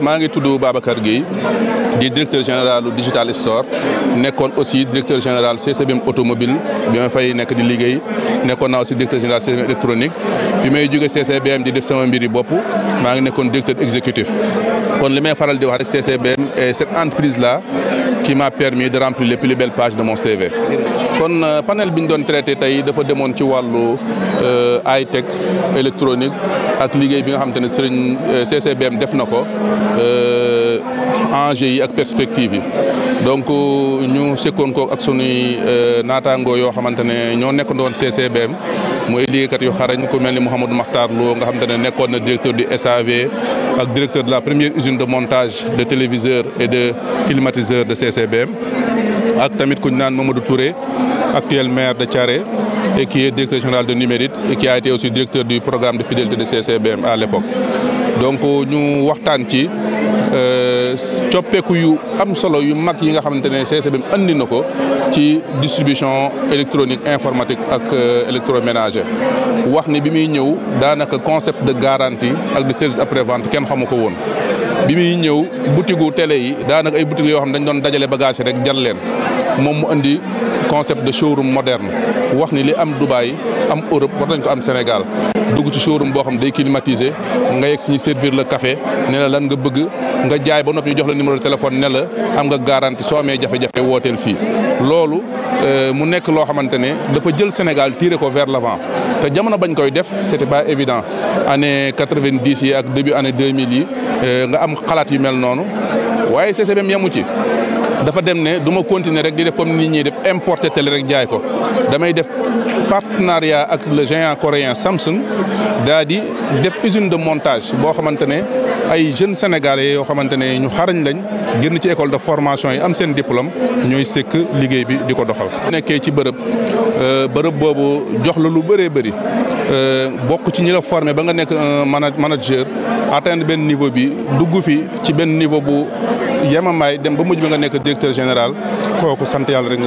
maa ngi tudd Babacar Guèye di directeur général digital store nekkoon aussi directeur général CCBM automobile bi ma fay nekk di liggéey nekkoon na aussi directeur général CCBM électronique bi may jóge CCBM di def sama mbiri bopp maa ngi nekkoon directeur exécutif kon li may faral di wax rek CCBM et cette entreprise là qui m'a permis de remplir les plus belles pages de mon CV. kon euh, panel bi ñu doon traité tey dafa demoon ci wàllu euh, high tech électronique ak liggéey bi nga xamante ne sëriñ euh, CCBM def na ko enjeux yi ak perspectives yi donc ñu sekkoon ko ak sunuy naataangoo yoo xamante ne ñoo nekk doon CCBM mooy liggéeykat yu xarañ ku mel ni Mouhamadou Makhtar Lo nga xamante ne nekkoon na directeur du SAV. ak directeur de la première usine de montage de téléviseurs et de climatiseurs de CCBM ak tamit ku ñu naan Mamadou Touré actuel maire de Thiaré et qui est directeur général de Numérite et qui a aussi directeur du programme de fidélité de CCBM à l'époque donc euh, ñu waxtaan ci Euh, coppeeku yu am solo yu mag yi nga xamante ne CCBM andi na ko ci distribution électronique informatique ak euh, électroménager wax ni bi muy ñëw daanaka concept de garantie ak de service après vente kenn xamu ko woon bi muy ñëw butigu télé yi daanaka ay boutique yoo xam ne dañ doon dajale bagage yi rek jal leen moom mu indi concept de showroom moderne wax ni li am Dubaï am Europe war nañ ko am Sénégal dugg ci showroom boo xam day climatisé nga yegg si ñu servir le kafe ne lan nga bëgg nga jaay ba noppi ñu jox la numéro de téléphone ne la am nga garantie soo amee jafe-jafe wooteel fii. loolu euh, mu nekk loo xamante ne dafa jël Sénégal tiré ko vers l'avant te jamono bañ koy def c'était pas évident année quatre-vingt-dix yi ak début année deux mille yi euh, nga am xalaat yu mel noonu waaye CCBM yemu ci. dafa dem ne du ma continuer rek di def comme nit def importer télé rek jaay ko damay def partenariat ak le géant coréen Samsung daa di def usine de montage boo xamante ne ay jeunes sénégalais yoo xamante ne ñu xarañ lañ génn ci école de formation yi am seen diplôme ñooy sekk liggéey bi di ko doxal. nekkee ci bërëb euh, bërëb boobu jox la lu bëree bëri euh, bokk ci ñi la formé ba nga nekk un manager atteindre benn niveau bi dugg fi ci benn niveau bu yemamaay dem ba mujj ba nga nekk directeur général kooku sant yàlla rek.